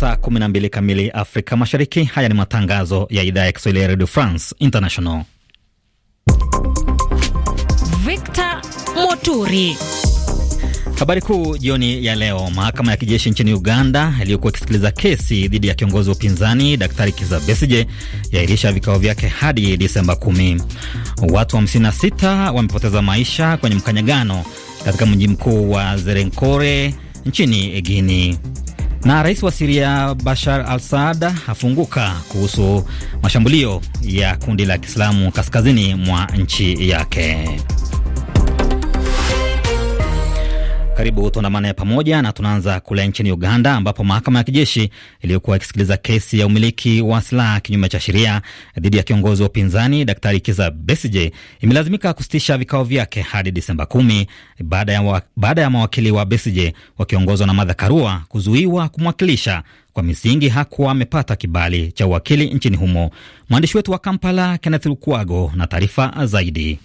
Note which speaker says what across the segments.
Speaker 1: saa 12 kamili Afrika Mashariki. Haya ni matangazo ya idhaa ya Kiswahili ya Radio France International.
Speaker 2: Victor Moturi.
Speaker 1: Habari kuu jioni ya leo. Mahakama ya kijeshi nchini Uganda iliyokuwa ikisikiliza kesi dhidi ya kiongozi wa upinzani Daktari Kiza Besije yairisha vikao vyake hadi Disemba 1 Watu 56 wamepoteza maisha kwenye mkanyagano katika mji mkuu wa Zerenkore nchini Guinea. Na rais wa Siria Bashar al Saad afunguka kuhusu mashambulio ya kundi la Kiislamu kaskazini mwa nchi yake. Karibu, tuandamane pamoja na tunaanza kule nchini Uganda, ambapo mahakama ya kijeshi iliyokuwa ikisikiliza kesi ya umiliki wa silaha kinyume cha sheria dhidi ya kiongozi wa upinzani Daktari Kiza Besije imelazimika kusitisha vikao vyake hadi Disemba kumi baada ya, wa, baada ya mawakili wa Besije wakiongozwa na Madha Karua kuzuiwa kumwakilisha kwa misingi hakuwa amepata kibali cha uwakili nchini humo. Mwandishi wetu wa Kampala Kenneth Lukwago na taarifa zaidi.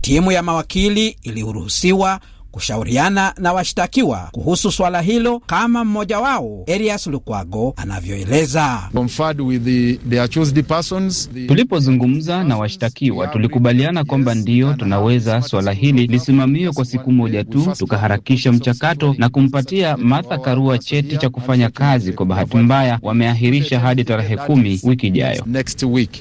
Speaker 1: Timu ya mawakili iliruhusiwa
Speaker 3: kushauriana na washtakiwa kuhusu swala hilo, kama mmoja wao Elias Lukwago anavyoeleza. Tulipozungumza na washtakiwa, tulikubaliana kwamba ndiyo tunaweza swala hili lisimamiwe kwa siku moja tu, tukaharakisha mchakato na kumpatia Martha Karua cheti cha kufanya kazi. Kwa bahati mbaya, wameahirisha hadi tarehe kumi wiki ijayo.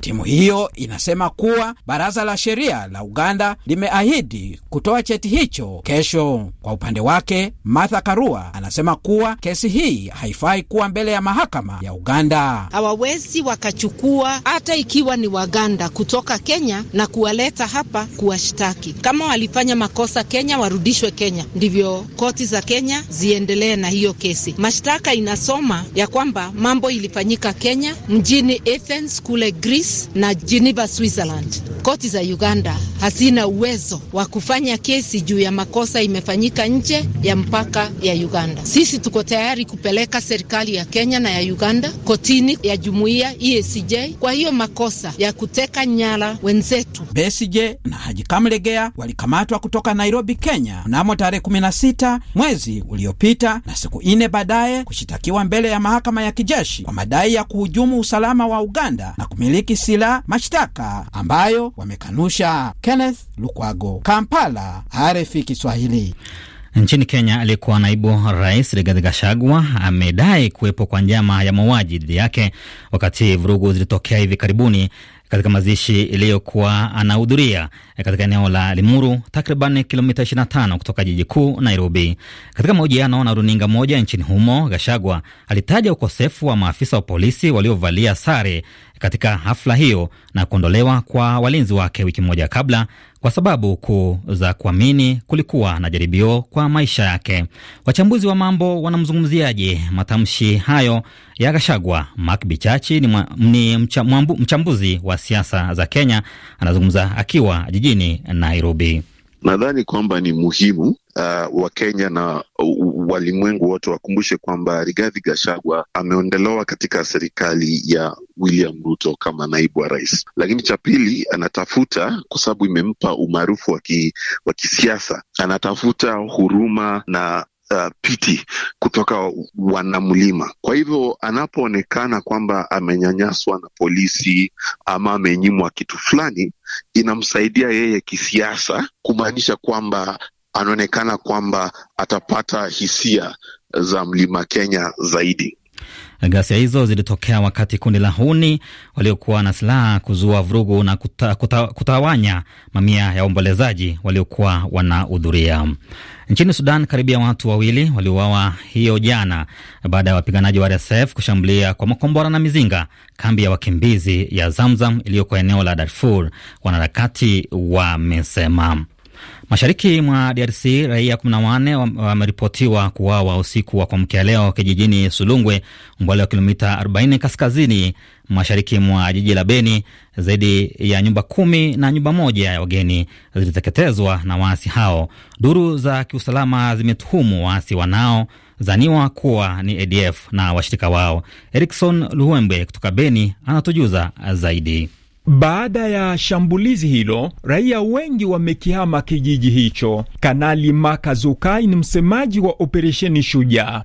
Speaker 3: Timu hiyo inasema kuwa baraza la sheria la Uganda limeahidi kutoa cheti hicho kesho macho. Kwa upande wake, Martha Karua anasema kuwa kesi hii haifai kuwa mbele
Speaker 2: ya mahakama
Speaker 3: ya Uganda.
Speaker 2: Hawawezi wakachukua hata ikiwa ni Waganda kutoka Kenya na kuwaleta hapa kuwashtaki. Kama walifanya makosa Kenya, warudishwe Kenya, ndivyo koti za Kenya ziendelee na hiyo kesi. Mashtaka inasoma ya kwamba mambo ilifanyika Kenya, mjini Athens kule Greece na Geneva, Switzerland. Koti za Uganda hazina uwezo wa kufanya kesi juu ya makosa imefanyika nje ya mpaka ya Uganda. Sisi tuko tayari kupeleka serikali ya Kenya na ya Uganda kotini ya jumuiya EACJ kwa hiyo makosa ya kuteka nyara wenzetu.
Speaker 3: Besigye na Haji Kamlegea walikamatwa kutoka Nairobi, Kenya mnamo tarehe 16 mwezi uliopita na siku ine baadaye kushitakiwa mbele ya mahakama ya kijeshi kwa madai ya kuhujumu usalama wa Uganda na kumiliki silaha, mashtaka ambayo wamekanusha. Kenneth Lukwago, Kampala, RFI Kiswahili
Speaker 1: gani? Nchini Kenya, aliyekuwa naibu rais Rigathi Gachagua amedai kuwepo kwa njama ya mauaji dhidi yake wakati vurugu zilitokea hivi karibuni katika mazishi iliyokuwa anahudhuria katika eneo la Limuru, takriban kilomita 25 kutoka jiji kuu Nairobi. Katika mahojiano na runinga moja nchini humo, Gashagwa alitaja ukosefu wa maafisa wa polisi waliovalia sare katika hafla hiyo na kuondolewa kwa walinzi wake wiki moja kabla kwa sababu kuu za kuamini kulikuwa na jaribio kwa maisha yake. Wachambuzi wa mambo wanamzungumziaje matamshi hayo ya Gashagwa? Mak Bichachi ni, mwa, ni mwambu, mchambuzi wa siasa za Kenya, anazungumza akiwa jijini
Speaker 4: Nairobi. Nadhani kwamba ni muhimu uh, Wakenya na uh, walimwengu wote wakumbushe kwamba Rigathi Gachagua ameondolewa katika serikali ya William Ruto kama naibu wa rais, lakini cha pili anatafuta, kwa sababu imempa umaarufu wa kisiasa, anatafuta huruma na Uh, piti kutoka wanamlima. Kwa hivyo anapoonekana kwamba amenyanyaswa na polisi ama amenyimwa kitu fulani, inamsaidia yeye kisiasa, kumaanisha kwamba anaonekana kwamba atapata hisia za mlima Kenya zaidi.
Speaker 1: Ghasia hizo zilitokea wakati kundi la huni waliokuwa na silaha kuzua vurugu na kuta, kuta, kutawanya mamia ya waombolezaji waliokuwa wanahudhuria. Nchini Sudan, karibu ya watu wawili waliuawa hiyo jana baada ya wapiganaji wa RSF kushambulia kwa makombora na mizinga kambi ya wakimbizi ya Zamzam iliyoko eneo la Darfur, wanaharakati wamesema. Mashariki mwa DRC raia 14 wameripotiwa kuuawa usiku wa kuamkia leo kijijini Sulungwe, umbali wa kilomita 40 kaskazini mashariki mwa jiji la Beni. Zaidi ya nyumba kumi na nyumba moja ya wageni ziliteketezwa na waasi hao. Duru za kiusalama zimetuhumu waasi wanao zaniwa kuwa ni ADF na washirika wao. Erikson Luhembe kutoka Beni anatujuza zaidi. Baada
Speaker 3: ya shambulizi hilo, raia wengi wamekihama kijiji hicho. Kanali Maka Zukai ni msemaji wa operesheni Shujaa.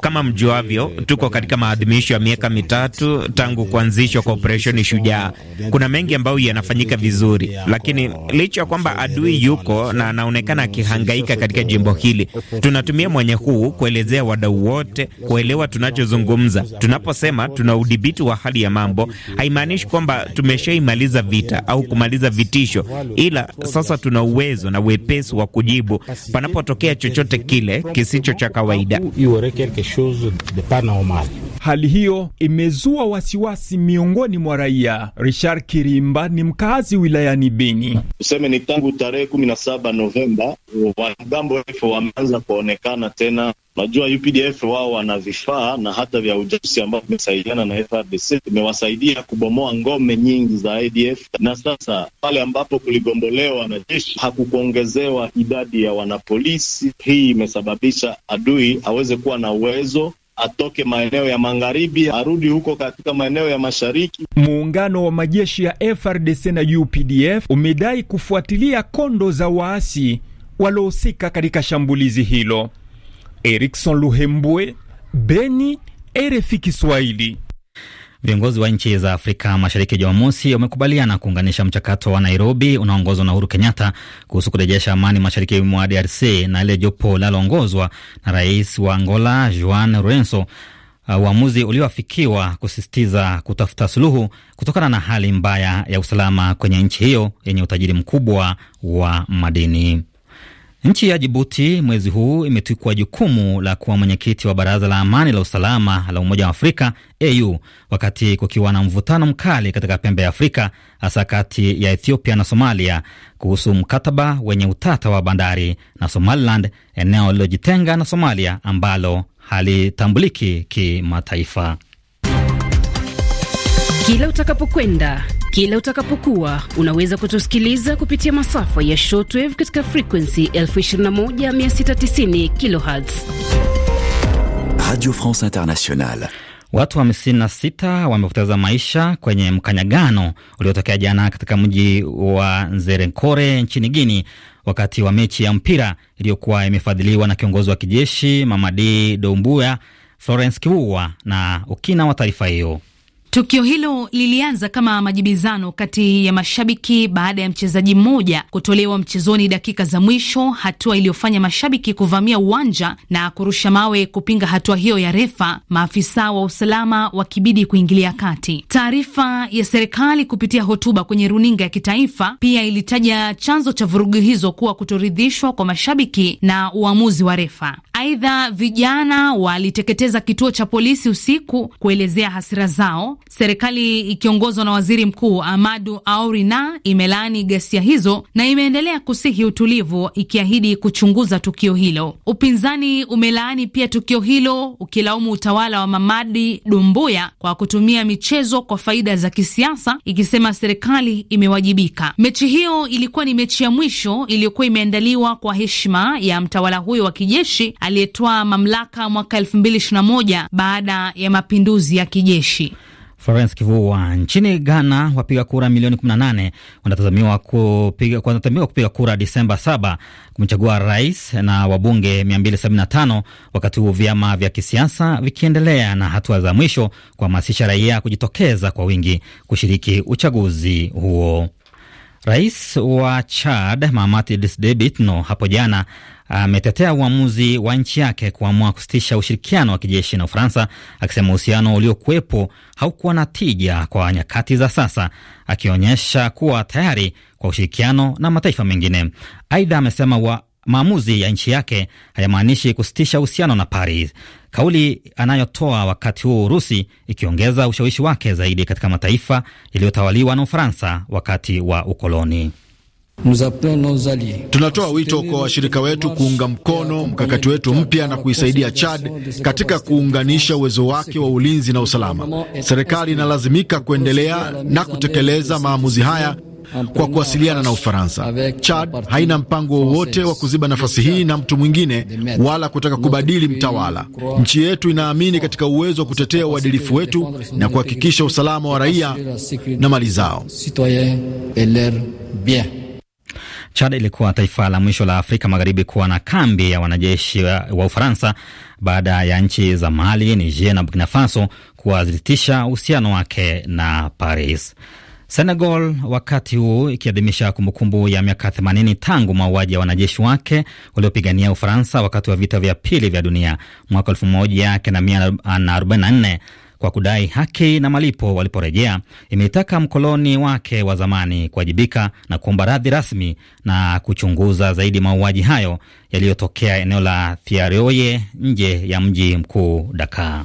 Speaker 3: Kama mjuavyo, tuko katika maadhimisho ya miaka mitatu tangu kuanzishwa kwa operesheni Shujaa. Kuna mengi ambayo yanafanyika vizuri, lakini licha ya kwamba adui yuko na anaonekana akihangaika katika jimbo hili, tunatumia mwenye huu kuelezea wadau wote kuelewa tunachozungumza tunaposema tuna udhibiti wa hali ya mama mambo haimaanishi kwamba tumeshaimaliza vita au kumaliza vitisho, ila sasa tuna uwezo na wepesi wa kujibu panapotokea chochote kile kisicho cha kawaida. Hali hiyo imezua wasiwasi miongoni mwa raia. Richard Kirimba ni mkazi wilayani Beni.
Speaker 4: Tuseme ni tangu tarehe kumi na saba Novemba wanamgambo wefu wameanza kuonekana tena Unajua, UPDF wao wana vifaa na hata vya ujasusi ambao vimesaidiana na FRDC vimewasaidia kubomoa ngome nyingi za IDF, na sasa pale ambapo kuligombolewa wanajeshi hakukuongezewa idadi ya wanapolisi. Hii imesababisha adui aweze kuwa na uwezo atoke maeneo ya magharibi arudi huko katika maeneo ya mashariki.
Speaker 3: Muungano wa majeshi ya FRDC na UPDF umedai kufuatilia kondo za waasi waliohusika katika shambulizi hilo. Erikson Luhembwe,
Speaker 1: Beni, RFI Kiswahili. Viongozi wa nchi za Afrika Mashariki Jumamosi wamekubaliana kuunganisha mchakato wa Nairobi unaoongozwa na Uhuru Kenyatta kuhusu kurejesha amani mashariki mwa DRC na ile jopo linaloongozwa na rais wa Angola Juan Lorenzo, uh, uamuzi uh, ulioafikiwa kusisitiza kutafuta suluhu kutokana na hali mbaya ya usalama kwenye nchi hiyo yenye utajiri mkubwa wa madini. Nchi ya Jibuti mwezi huu imetwikwa jukumu la kuwa mwenyekiti wa baraza la amani la usalama la Umoja wa Afrika AU, wakati kukiwa na mvutano mkali katika pembe ya Afrika, hasa kati ya Ethiopia na Somalia kuhusu mkataba wenye utata wa bandari na Somaliland, eneo lililojitenga na Somalia ambalo halitambuliki kimataifa.
Speaker 2: Kila utakapokwenda kila utakapokuwa unaweza kutusikiliza kupitia masafa ya shortwave katika frekuensi 21690 kHz.
Speaker 1: Radio France Internationale. Watu 56 wamepoteza maisha kwenye mkanyagano uliotokea jana katika mji wa nzerenkore nchini Guini wakati wa mechi ya mpira iliyokuwa imefadhiliwa na kiongozi wa kijeshi Mamadi Doumbouya. Florence Kiua na ukina wa taarifa hiyo.
Speaker 2: Tukio hilo lilianza kama majibizano kati ya mashabiki baada ya mchezaji mmoja kutolewa mchezoni dakika za mwisho, hatua iliyofanya mashabiki kuvamia uwanja na kurusha mawe kupinga hatua hiyo ya refa, maafisa wa usalama wakibidi kuingilia kati. Taarifa ya serikali kupitia hotuba kwenye runinga ya kitaifa pia ilitaja chanzo cha vurugu hizo kuwa kutoridhishwa kwa mashabiki na uamuzi wa refa. Aidha, vijana waliteketeza kituo cha polisi usiku kuelezea hasira zao. Serikali ikiongozwa na waziri mkuu Amadu Aurina imelaani ghasia hizo na imeendelea kusihi utulivu, ikiahidi kuchunguza tukio hilo. Upinzani umelaani pia tukio hilo, ukilaumu utawala wa Mamadi Dumbuya kwa kutumia michezo kwa faida za kisiasa, ikisema serikali imewajibika. Mechi hiyo ilikuwa ni mechi ya mwisho iliyokuwa imeandaliwa kwa heshima ya mtawala huyo wa kijeshi aliyetoa mamlaka mwaka 2021 baada ya mapinduzi ya kijeshi.
Speaker 1: Florence Kivua. Nchini Ghana, wapiga kura milioni 18 wanatazamiwa kupiga, wanatazamiwa kupiga kura Disemba 7 kumchagua rais na wabunge 275 wakati huu vyama vya kisiasa vikiendelea na hatua za mwisho kuhamasisha raia kujitokeza kwa wingi kushiriki uchaguzi huo. Rais wa Chad Mahamat Debit no hapo jana ametetea uamuzi wa nchi yake kuamua kusitisha ushirikiano wa kijeshi na Ufaransa, akisema uhusiano uliokuwepo haukuwa na tija kwa nyakati za sasa, akionyesha kuwa tayari kwa ushirikiano na mataifa mengine. Aidha amesema maamuzi ya nchi yake hayamaanishi kusitisha uhusiano na Paris, kauli anayotoa wakati huo Urusi ikiongeza ushawishi wake zaidi katika mataifa yaliyotawaliwa na Ufaransa wakati wa ukoloni. Tunatoa wito kwa washirika wetu kuunga mkono mkakati wetu mpya na kuisaidia Chad katika
Speaker 4: kuunganisha uwezo wake wa ulinzi na usalama. Serikali inalazimika kuendelea na kutekeleza maamuzi haya kwa kuwasiliana na Ufaransa. Chad haina mpango wowote wa kuziba nafasi hii na mtu mwingine wala kutaka kubadili mtawala. Nchi yetu inaamini katika uwezo wa kutetea uadilifu wetu na kuhakikisha usalama wa raia na mali zao.
Speaker 1: Chad ilikuwa taifa la mwisho la Afrika Magharibi kuwa na kambi ya wanajeshi wa Ufaransa baada ya nchi za Mali, Niger na Burkina Faso kuwazilitisha uhusiano wake na Paris. Senegal wakati huu ikiadhimisha kumbukumbu ya miaka 80 tangu mauaji ya wanajeshi wake waliopigania Ufaransa wakati wa vita vya pili vya dunia mwaka 1944 kwa kudai haki na malipo waliporejea, imeitaka mkoloni wake wa zamani kuwajibika na kuomba radhi rasmi na kuchunguza zaidi mauaji hayo yaliyotokea eneo la Thiaroye nje ya mji mkuu Dakar.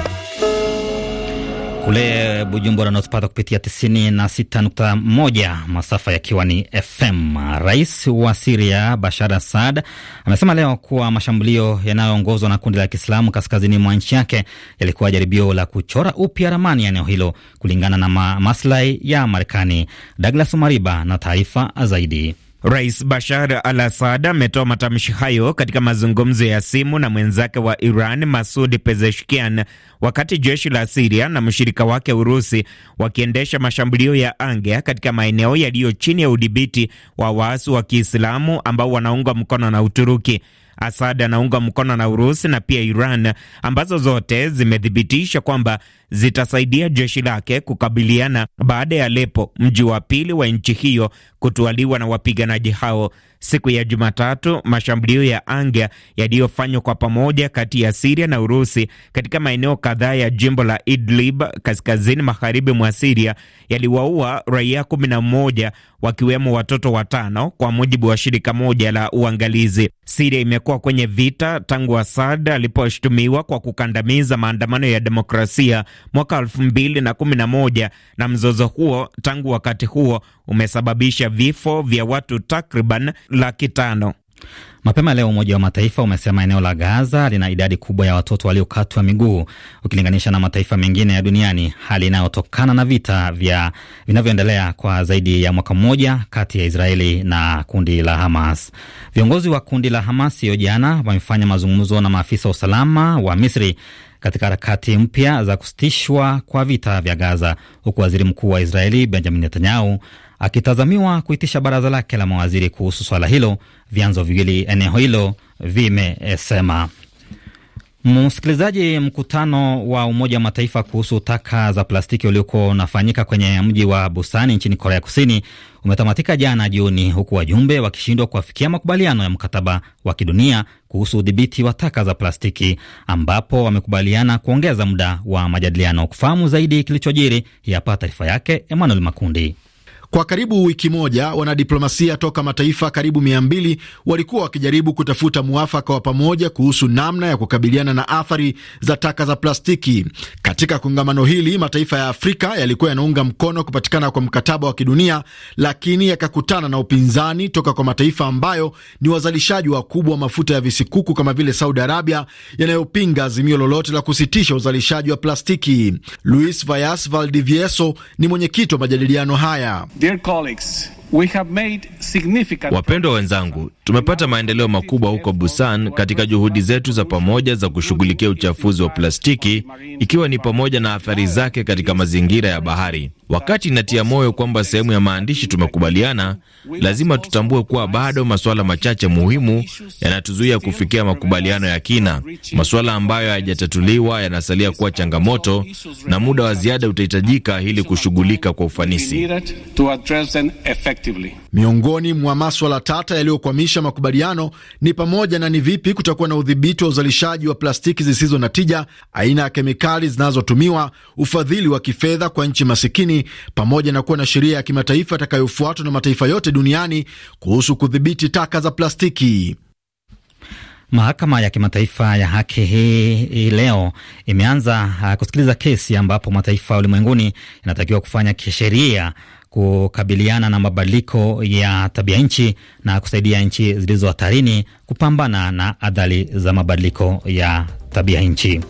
Speaker 1: Kule Bujumbura unatupata kupitia 96.1 masafa yakiwa ni FM. Rais wa Siria Bashar Assad amesema leo kuwa mashambulio yanayoongozwa na kundi la Kiislamu kaskazini mwa nchi yake yalikuwa jaribio la kuchora upya ramani ya eneo hilo kulingana na ma maslahi ya Marekani. Douglas Mariba na taarifa zaidi. Rais Bashar al Assad ametoa matamshi hayo katika mazungumzo ya simu na
Speaker 3: mwenzake wa Iran Masud Pezeshkian, wakati jeshi la Siria na mshirika wake Urusi wakiendesha mashambulio ya anga katika maeneo yaliyo chini ya udhibiti wa waasi wa Kiislamu ambao wanaungwa mkono na Uturuki. Assad anaunga mkono na Urusi na pia Iran ambazo zote zimethibitisha kwamba zitasaidia jeshi lake kukabiliana baada ya Aleppo, mji wa pili wa nchi hiyo, kutwaliwa na wapiganaji hao siku ya Jumatatu mashambulio ya anga yaliyofanywa kwa pamoja kati ya Siria na Urusi katika maeneo kadhaa ya jimbo la Idlib kaskazini magharibi mwa Siria yaliwaua raia 11 wakiwemo watoto watano, kwa mujibu wa shirika moja la uangalizi. Siria imekuwa kwenye vita tangu Asad aliposhutumiwa kwa kukandamiza maandamano ya demokrasia mwaka 2011 na mzozo huo tangu wakati huo umesababisha vifo vya watu
Speaker 1: takriban laki tano. Mapema leo Umoja wa Mataifa umesema eneo la Gaza lina idadi kubwa ya watoto waliokatwa miguu ukilinganisha na mataifa mengine ya duniani, hali inayotokana na vita vya vinavyoendelea kwa zaidi ya mwaka mmoja kati ya Israeli na kundi la Hamas. Viongozi wa kundi la Hamas hiyo jana wamefanya mazungumzo na maafisa wa usalama wa Misri katika harakati mpya za kusitishwa kwa vita vya Gaza, huku waziri mkuu wa Israeli Benjamin Netanyahu akitazamiwa kuitisha baraza lake la mawaziri kuhusu swala hilo, vyanzo viwili eneo hilo vimesema. Msikilizaji, mkutano wa Umoja wa Mataifa kuhusu taka za plastiki uliokuwa unafanyika kwenye mji wa Busani nchini Korea Kusini umetamatika jana jioni, huku wajumbe wakishindwa kuafikia makubaliano ya mkataba wa kidunia kuhusu udhibiti wa taka za plastiki, ambapo wamekubaliana kuongeza muda wa majadiliano. Kufahamu zaidi kilichojiri,
Speaker 4: hii hapa taarifa yake Emmanuel Makundi. Kwa karibu wiki moja, wanadiplomasia toka mataifa karibu mia mbili walikuwa wakijaribu kutafuta mwafaka wa pamoja kuhusu namna ya kukabiliana na athari za taka za plastiki. Katika kongamano hili, mataifa ya Afrika yalikuwa yanaunga mkono kupatikana kwa mkataba wa kidunia, lakini yakakutana na upinzani toka kwa mataifa ambayo ni wazalishaji wakubwa wa mafuta ya visikuku kama vile Saudi Arabia, yanayopinga azimio lolote la kusitisha uzalishaji wa plastiki. Luis Vayas Valdivieso ni mwenyekiti wa majadiliano haya. Dear colleagues, we have made significant...
Speaker 3: Wapendwa wenzangu, tumepata maendeleo makubwa huko Busan katika juhudi zetu za pamoja za kushughulikia uchafuzi wa plastiki, ikiwa ni pamoja na athari zake katika mazingira ya bahari. Wakati inatia moyo kwamba sehemu ya maandishi tumekubaliana, lazima tutambue kuwa bado masuala machache muhimu yanatuzuia kufikia makubaliano ya kina. Masuala ambayo hayajatatuliwa yanasalia kuwa changamoto na muda wa ziada utahitajika ili kushughulika kwa ufanisi.
Speaker 4: Miongoni mwa maswala tata yaliyokwamisha makubaliano ni pamoja na ni vipi kutakuwa na udhibiti wa uzalishaji wa plastiki zisizo na tija, aina ya kemikali zinazotumiwa, ufadhili wa kifedha kwa nchi masikini pamoja na kuwa na sheria ya kimataifa itakayofuatwa na mataifa yote duniani kuhusu kudhibiti taka za plastiki.
Speaker 1: Mahakama ya kimataifa ya haki hii leo imeanza ah, kusikiliza kesi ambapo mataifa ulimwenguni yanatakiwa kufanya kisheria kukabiliana na mabadiliko ya tabia nchi na kusaidia nchi zilizo hatarini kupambana na adhari za mabadiliko ya tabia nchi.